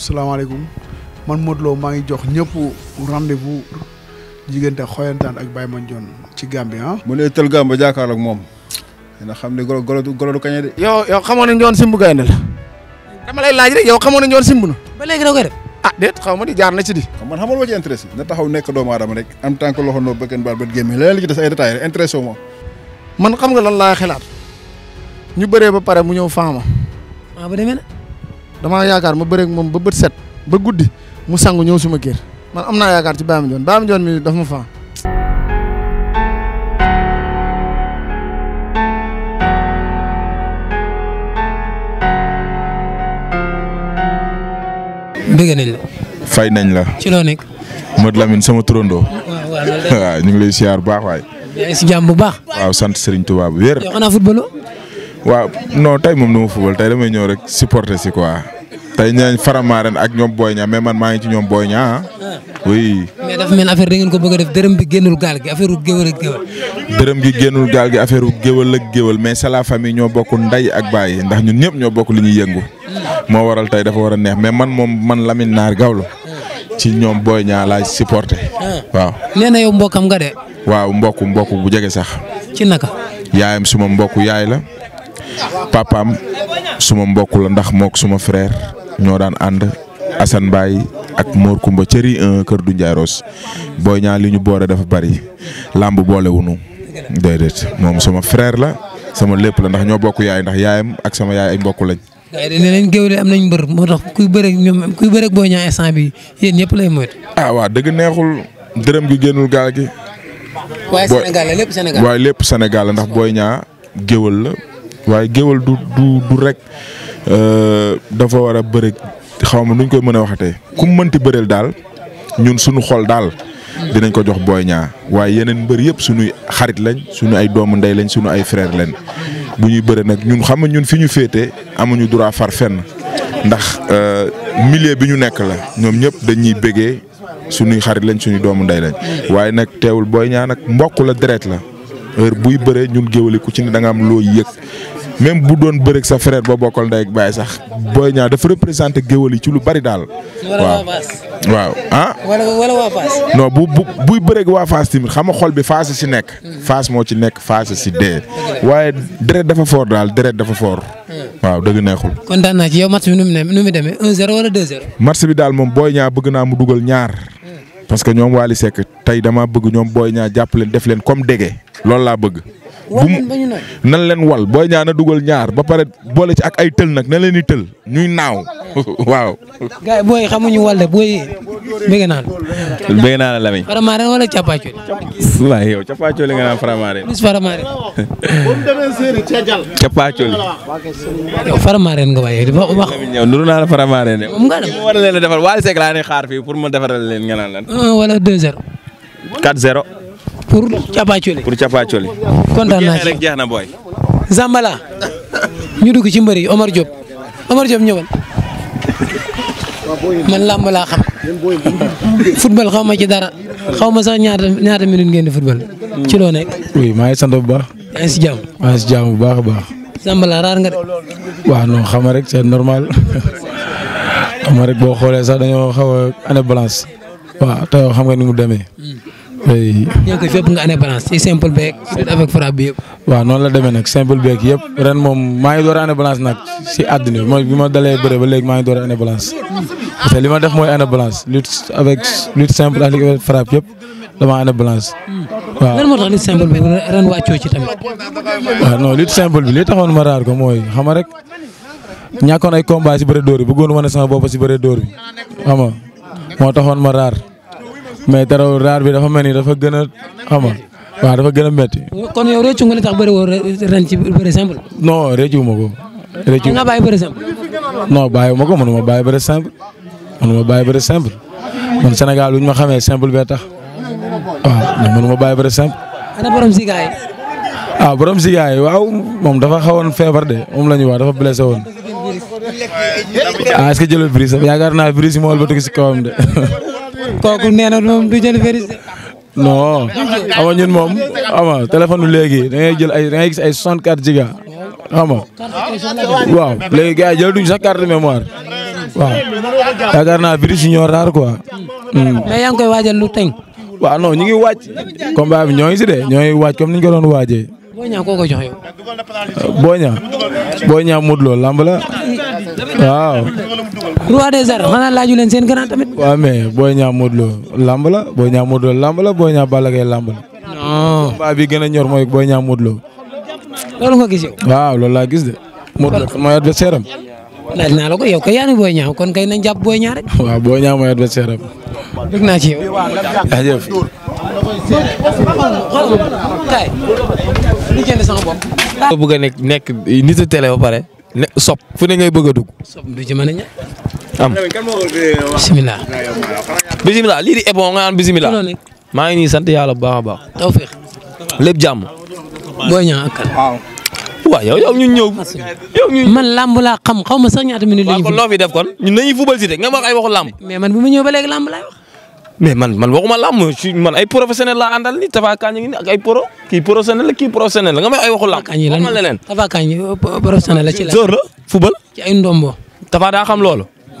salaamaaleykum man Modou Lo maa ngi jox ñëpp rendez-vous diggante xoyantaan ak Baye Mandione ci Gambie ah. mu ne tël Gambie jàkkaarloog moom. dina xam ne golo golo golo du kañe de. yow yow xamoon nañu ñoon simbu gaynde la. dama lay laaj rek yow xamoon nañu ñoon simbu na. ba léegi da koy def. ah déet xaw ma di jaar na ci di. man xamal ma ci intéressé na taxaw nekk doomu aadama rek en tant que loxo noo bëgën baal bët gémmi leneen li ci des ay détails intéressé wu man xam nga lan laa xalaat ñu bëree ba pare mu ñëw faama. Ah, damaa yaakaar moo bëreeg moom ba bët set ba guddi mu sangu ñëw suma kër man am naa yaakaar ci Baye Mandione Baye Mandione mi daf ma faa. bëgg fay nañ la. ci loo nekk. Modou Lamine sama turandoo. waaw ñu ngi lay siyaar baax waay. si jàmm bu baax. waaw sant Serigne Touba bu wér. yow waaw non tey moom dama football tey damay ñëw rek supporter si quoi tey ñaañ faramaaren ak ñoom Boy Niang mais man maa ngi ci ñoom Boy Niang ah. oui. mais dafa ngeen ko bëgg a def dërëm bi génnul gaal gi affaire géwël ak gi génnul gaal gi affaire géwël ak géwël mais c'est la famille ñoo bokk ndey ak baay ndax ñun ñëpp ñoo bokk li ñuy yëngu. moo waral tey dafa war a neex mais man moom man Lamine Naar Gawlo ci ñoom booy Niang laay supporter. Ah. waaw nee na yow mbokkam nga de. waaw mbokk mbokk bu jege sax. ci naka. yaayam suma mbokku yaay la. papam suma mbokk la ndax mook suma frère ñoo daan ànd Assane Mbaye ak Mor Kumba cëri un kër du Ndiaye Rose booy ñaa li ñu boore dafa bari làmb boole wunu déedéet moom sama frère la sama lépp la ndax ñoo bokk yaay ndax yaayam ak sama yaay ay mbokk lañ. gars yi am nañ mbër moo tax kuy bëreeg booy ñaa instant bi yéen ñëpp lay moytu. ah waa dëgg neexul dërëm gi génnul gaal gi. waaye lépp senegal la ndax booy ñaa géwal la. waaye géwal du du du rek euh, dafa war a bëri xaw ma nuñ koy mën a waxatee ku mu mënti bëreel daal ñun suñu xol daal dinañ ko jox booy Niang waaye yeneen mbër yëpp suñuy xarit lañ suñu ay doomu ndey lañ suñu ay frère lañ bu ñuy bëre nag ñun xam nga ñun fi ñu féete amuñu droit far fenn ndax euh, milieu bi ñu nekk la ñoom ñëpp dañuy bégee suñuy xarit lañ suñu doomu ndey lañ waaye nag teewul booy ñaa nag mbokk la deret la heure buy bëree ñun géwël ku ci ne da nga am loo yëg même bu doon bëreeg sa frère ba bokkal ndey ak baay sax Boy Niang dafa représenté géwël yi ci lu bari daal. waaw waaw ah. wala wala waa Fass. non bu bu buy waa Fass tamit xam nga xol bi Fass si nekk. Hmm. faas moo ci nekk Fass si dee. waaye deret dafa fort daal deret dafa fort. Hmm. waaw dëgg neexul. kontaan naa ci yow match bi nu mu demee 1-0 wala 2-0. bi daal moom Boy Niang bëgg naa mu dugal ñaar. parce que ñoom Wally Seck tey dama bëgg ñoom booy ñaa jàpp leen def leen comme dégg loolu laa bëgg nan leen wal booy ñaan a dugal ñaar ba pare boole ci ak ay tël nag na leen di tël ñuy naaw waaw. gars yi booy xamuñu wàll booy bëgg naa la. bëgg naa la Lamine. Faramaren wala Capacoli. waaye yow Capacoli nga naan Faramaren. plus Faramaren. Capacoli. yow Faramaren nga waaye wax wax. yow nuru naa la Faramaren de. mu nga dem na leen a defar Wally Seck laa ne xaar fii pour ma defaral leen nga naan lan. 1 wala 2 0. pour cappaacoli. pour cappaacoli. kontaan naa ci rek jeex na ñu dugg ci mbër yi Omar Diop Omar Diop ñëwal man làmb laa xam football xaw ma ci dara xaw ma sax ñaata ñaata minute ngeen di football. ci loo nekk. oui maa ngi sant bu baax. maa bu baax baax. Zambala raar nga de. waaw non xam rek c'est normal xam rek boo xoolee sax dañoo xaw a balance. waaw te xam nga ni mu demee. Hmm. oui. ñoo ko fépp nga année balance ci simple beeg. waaw noonu la demee nag simple beeg yëpp ren moom maa ngi door année balance nag si àdduna bi mooy bi ma dalee bëre ba léegi maa ngi door année balance. parce que li ma def mooy année balance lutte avec lutte simple avec frappe yëpp damaa année balance. waaw lan moo tax lutte simple beeg ren wàccoo ci tamit. waaw non lutte simple bi li taxoon ma raar ko mooy xam nga rek ñàkkoon ay combat si bëre dóor bi bëggoon ma ne sama bopp si bëre dóor bi xam mais dara raar bi dafa mel ni dafa gën a xam nga waaw dafa gën a métti. kon yow réccu nga li tax bëri woo ren ci bëri simple. non réccu ma ko. a nga bàyyi bëri simple. non bàyyi ma ko mënuma bàyyi bëri simple mënuma bàyyi bëri simple man Sénégal lu ñu ma xamee simple bee tax waaw man mënuma bàyyi bëri simple. ana borom sigaay. ah borom sigaay waaw moom dafa xawoon feebar de moom lañu ñuy wax dafa blessé woon. ah est-ce que jëlal brise yaakaar naa brise moo ba tukki si de. kooku nee na moom du jël véris non ama ñun moom ama téléphone léegi da ngay jël ay da ngay gis ay 64 giga ama waaw léegi gars yi jël duñ sax carte waaw yaakaar naa virus yi ñoo raar quoi. Hmm. mais yaa ngi koy lu tënk. waaw non ñu ngi waaj. combat bi ñoo ngi si de ñoo ngi waaj ko doon waajee. Boña koo ko jox yow. Boña Boña Modou Lo lamb waaw. roi des arènes xanaa laaju leen seen grand tamit. waaw mais Boy Niang Modou Lo lamb la Boy Niang Modou Lo lamb la Boy Niang Balla Gaye lamb la. bi gën a ñor mooy Boy Niang Modou Lo. loolu nga gis yow. waaw loolu laa gis de. Modou Lo mooy adversaire am. laaj naa la ko yow kay yaa ni Boy Niang kon kay nañ jàpp Boy Niang rek. waaw Boy Niang mooy naa ci yow. nekk nekk nitu télé ba pare ne sopp fu ne ngay bëgg a dugg. sopp du ci am bisimilah. bisimilah lii di ebon nga naan bisimilah. maa ngi nii sant yàlla bu baax a baax. tawféex. jàmm. booy ñëw ak kan. waaw yow yow ñu ñëw. yow man làmb laa xam xaw ma sax ñaata minute la ñu. kon loo fi def kon ñun dañuy fubal si de nga wax ay waxu làmb. mais man bu ma ñëw ba léegi làmb laay wax. mais man man waxuma ni Tapha Kandji ngi kii professionnel la kii professionnel la nga may ay waxu làmb. la ci la. zor la fubal. ci ay ndombo. Tapha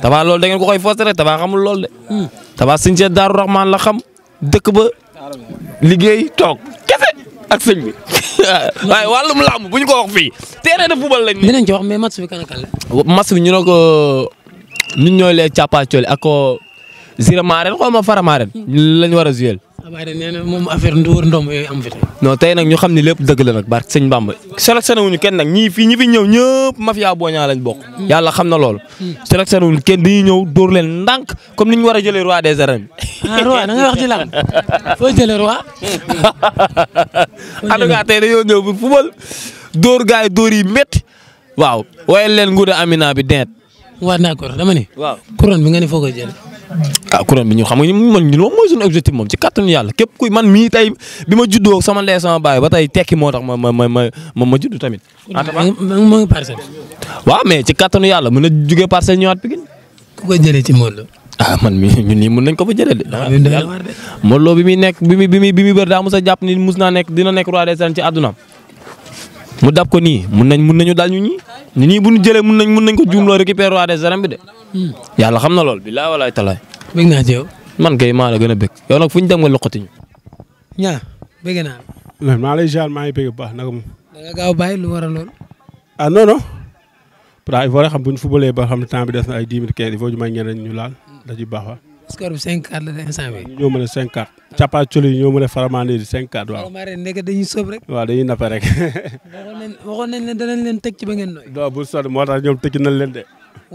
Tapha loolu da ngeen ko koy foos rek Tapha xamul loolu de. Tapha sëñ Seex Daaru Raxmaan la xam dëkk ba liggéey toog kese ak sëñ bi waaye wàllum làmb bu ko wax fii terrain na football lañ. dinañ ci wax mais match bi kan ak kan la. match bi ñu ko ñun ñooy les cappaancooli ak Zira Marel xaw ma Fara Marel lañ war a juyeel. Abadé affaire Ndour Ndom yooyu am fi tey. non ñu xam ne lépp dëgg la nag barke sëñ Bamba. sélectionné wuñu kenn nag ñii fii ñi fi ñëw ñëpp mafia boña lañ bokk. Mm. yàlla xam na loolu. sélectionné wuñu kenn dañuy ñëw door leen ndànk comme ni ñu war a jëlee roi des arènes. ah roi da nga wax ci lan foo jëlee roi. en ñëw bu fubal gaay dóor yi métti waaw. wayal leen nguuda Amina bi deet. waaw d'accord dama ni. waaw couronne bi ah kuréel bi ñu xam nga man ñun moom mooy suñu objectif moom ci kàttanu yàlla képp kuy man mii tey bi ma juddoo sama ndey sama baay ba tey tekki moo tax ma ma ma ma ma judd tamit. mu ngi parcelle. waaw mais ci kàttanu yàlla mën na jugee parcelle ñëwaat Pikine. ku ko jëlee ci Modou Lo. ah man mi ñun ñii nañ ko fa jëlee de. Ah, Modou bi muy nekk bi muy bi muy bi muy bëri daa mos jàpp ni mus naa nekk dina nekk roi des arènes ci àddunaam. mu dab ko nii mun nañ mun nañu daal ñu ñii ñun ñii bu ñu jëlee mën nañ mën nañ ko juumloo récupérer roi des arènes yàlla xam na lool billaay walaay talaay. bëgg naa ci yow. man kay maa la gën a bëgg yow nag fu ñu dem nga loqati ñu. ñaa bëgg naa la. maa lay ziar maa ngi bëgg bu baax nag moom. da gaaw a bàyyi lu war a lool. ah non non. daa il faut xam bu ñu fubalee ba xam temps bi des na ay dix minutes quinze il faut may ñeneen laal da ci baax score bi 5-4 la de instant bi. ñoo mën a 5-4. cappaat cëlu yi ñoo mën a faramandee di 5-4 waaw. faramandee nekk dañuy sóob rek. waaw dañuy nappe rek. waxoon nañ waxoon nañ leen danañ leen teg ci ba ngeen nooy. waaw bu soobee moo tax ñoom teg nañ leen de.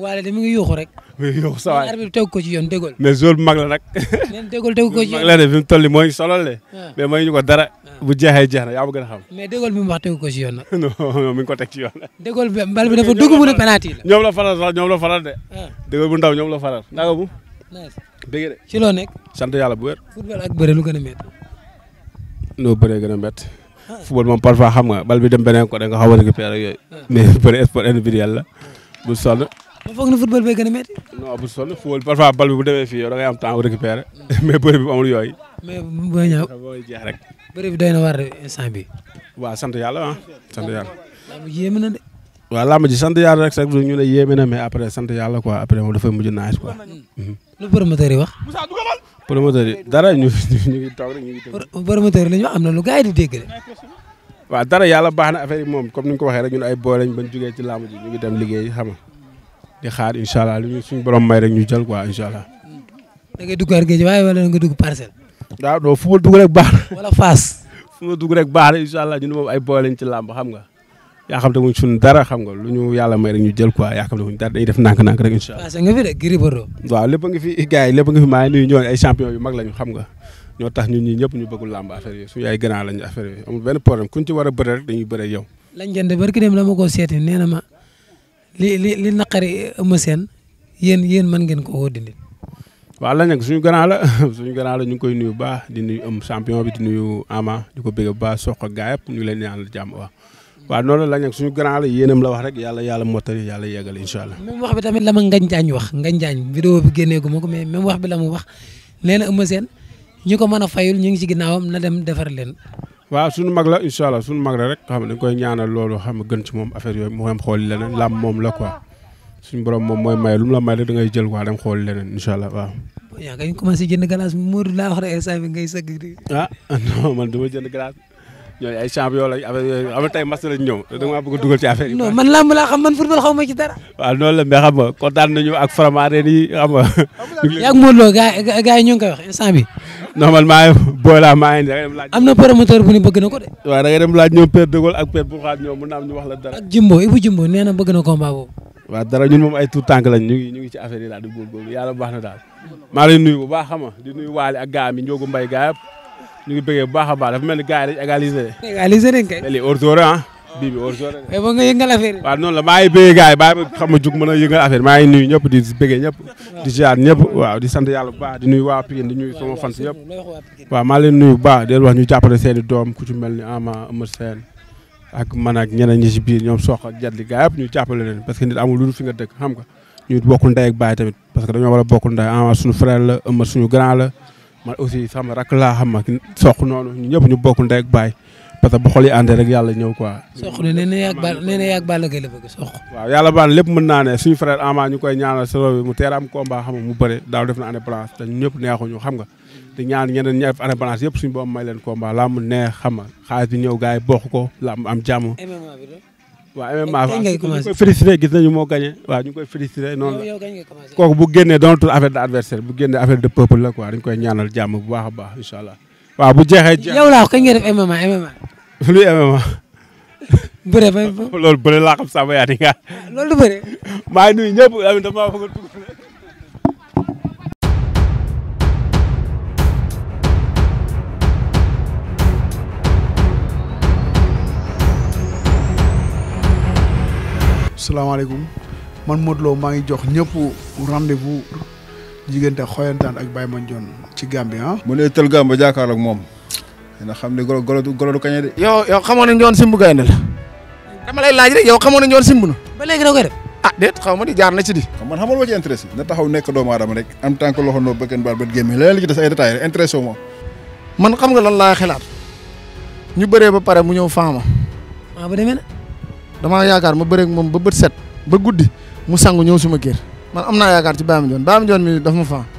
waale de mi ngi yuuxu rek. mi ngi yuuxu sa waay arbitre tegu ko ci yoon dégol. mais zone bu mag la nag. neen dégol tegu ko ci yoon mag la de fi mu toll nii moo ngi solal de. Ah. mais moo ngi ñu ko dara. Ah. bu jeexee jeex na yaa ma gën a xam. mais dégol bi mu wax tegu ko ci yoon nag. non non mi ngi ko teg ci yoon. dégol bi mbal bi dafa dugg mu ne penalty la. ñoom la faral sax ñoom la faral de. Ah. dégol bu ndaw ñoom la faral nagamu. dégg de ci loo nekk. sant yàlla bu wér. football ak bëre gën a métti. noo bëree gën a métti. Ah. football moom parfois xam nga bal bi dem beneen ko da nga xaw a récupérer ak yooyu. Ah. mais bëre sport individuel la bu sonn. ma foog ne football bay gën a métti. non bu sonn football parfois bal bi bu demee fii yow da ngay am temps récupérer mais bëre bi amul yooyu. mais booy ñaaw booy jeex rek. bëre bi doy na war instant bi. waa sant yàlla ah sant yàlla. yéeme na de. waaw làmb ji sant yàlla rek chaque jour ñu ne yéeme na mais après sant yàlla quoi après moom mhm. dara ñu ñu ngi toog rek la am na lu gars yi yàlla baax na affaire moom comme ni ko waxee rek ñun ay boole lañ bañ jugee ci làmb ji ñu ngi dem liggéey xam nga di xaar suñu borom may rek ñu jël quoi incha allah. da ngay dugg wala nga dugg parcelle. waaw non fu ma dugg rek baax na. wala Fass. fu rek baax na incha ay boole lañ ci làmb xam nga yaaxamte wuñ suñ dara xam nga lu ñu yàlla may rek ñu jël quoi yaaxamte wuñ dara dañuy def nànk-nànk rek incha allah. nga fi xam nga ñoo tax ñun ñii ñëpp ñu bëggul làmb affaire yi suñu ay grand lañu affaire yi amul benn problème kuñ ci war a bëre rek dañuy bëre yow. la ma ko seeti nee mën ngeen ko dindi. waaw nag suñu grand suñu grand ñu ngi koy nuyu baa di nuyu am champion bi di nuyu Ama di ko bëgg baax soq ak gaay yëpp ñu leen ñaanal jàmm waaw waaw noonu la nag suñu grand la yéenam la wax rek yàlla yàlla mottali yàlla yeggal incha allah. même wax bi tamit la ma Ngagne Diagne wax Ngagne Diagne vidéo bi génneegu la mu wax nee na Eumeu ko a na dem mag la rek xam ne dañ koy ñaanal loolu xam nga gën ci moom moom la quoi suñu borom moom mooy maye lu mu la may rek da ngay jël quoi dem xooli leneen incha waaw. man dama jënd glace ñooñu ay champion lañ affaire yooyu xam nga tey match lañ ñëw a yi. non man làmb laa xam man football xaw ma ci dara. waaw noonu la mais wax instant bi non man maa ngi booy laa ngi dem laaj. na promoteur bu ne bëgg na ko de. waaw da ak Père Bourkhane ñoom mën naa am ñu wax la dara. ak Jimbo Ibou Jimbo nee na bëgg na combat boobu. waaw dara ñun moom ay tout ñu ngi ñu affaire yi daal di góorgóorlu yàlla baax maa ngi lay nuyu bu a xam nga di nuyu Waly ñu ngi bëggee bu baax a baax dafa mel ni gars yi dañu égaliser. égaliser nañ kay. léegi hors zone ah. bii la maa ngi bëggee gars yi baax na xam nga jug mën a yëngal affaire maa ngi nuyu ñëpp di bëggee ñëpp. di ziar ñëpp waaw di sant yàlla bu baax di nuyu waa Pikine di nuyu sama fans yëpp. waaw maa leen nuyu bu baax di leen wax ñu jàppale seen i doom ku ci mel ni Ama Eumeu Sène ak man ak ñeneen ñi si biir ñoom sox ak jatli gars yëpp ñu jàppale leen parce que nit amul lu dul fi nga dëkk xam ga ñu bokku ndey ak baay parce que dañoo war a bokk ndey Ama suñu frère la man aussi sama rak laa xam ma soq noonu ñu ñëpp ñu bokk ndey ak baay parce bu xol yi àndee rek yàlla ñëw quoi. soq ne nee yàgg baal nee na yàgg baal la koy la bëgg soq. lépp mën naa ne suñu frère Ama ñu koy ñaanal sa mu teel am combat xam nga mu bëre daaw def na année blanche te ñun ñëpp neexuñu xam nga. di ñaan ñeneen ñi def année blanche yëpp suñu boom may leen combat laa mu neex xam nga xaalis ñëw gars bokk ko la am jàmm. MMA waaw MMA waaw ñu gis nañu moo gagné waaw ñu koy félicité noonu la bu génnee doonatul affaire de adversaire bu génnee affaire de peuple la quoi dañ koy ñaanal jàmm bu baax a baax incha bu jeexee. yow laa kañ nga def MMA MMA. luy MMA. bëre ba loolu bëre laa xam sama yaay di nga. loolu du bëre. maa ngi nuyu salaamaaleykum man Modou Lo maa ngi jox ñëpp rendez-vous xooyantaan Xoyantaan ak Baye Mandione ci Gambie ah. mu ne tël Gambie jàkkaarloog moom. dina xam ne golo golo du golo du kañe de. yow yow xamoon nañu yoon simb gaynde dama lay yow xamoon nañu yoon simb na. ba léegi da koy def. ah déet xaw ma di jaar na ci di. man xamal ma ci intéressé na taxaw nekk doomu aadama rek en tant que loxo noor bëgën baal bët gémmi leneen li ci des ay détails intéressé wu ma. man xam nga lan laa xalaat. ñu bëree ba pare mu ñëw faama. Ah, damaa yaakaar ma bëreeg moom ba bët set ba guddi mu sangu ñëw suma kër man am naa yaakaar ci Baye Mandione Baye Mandione mi dafa ma faa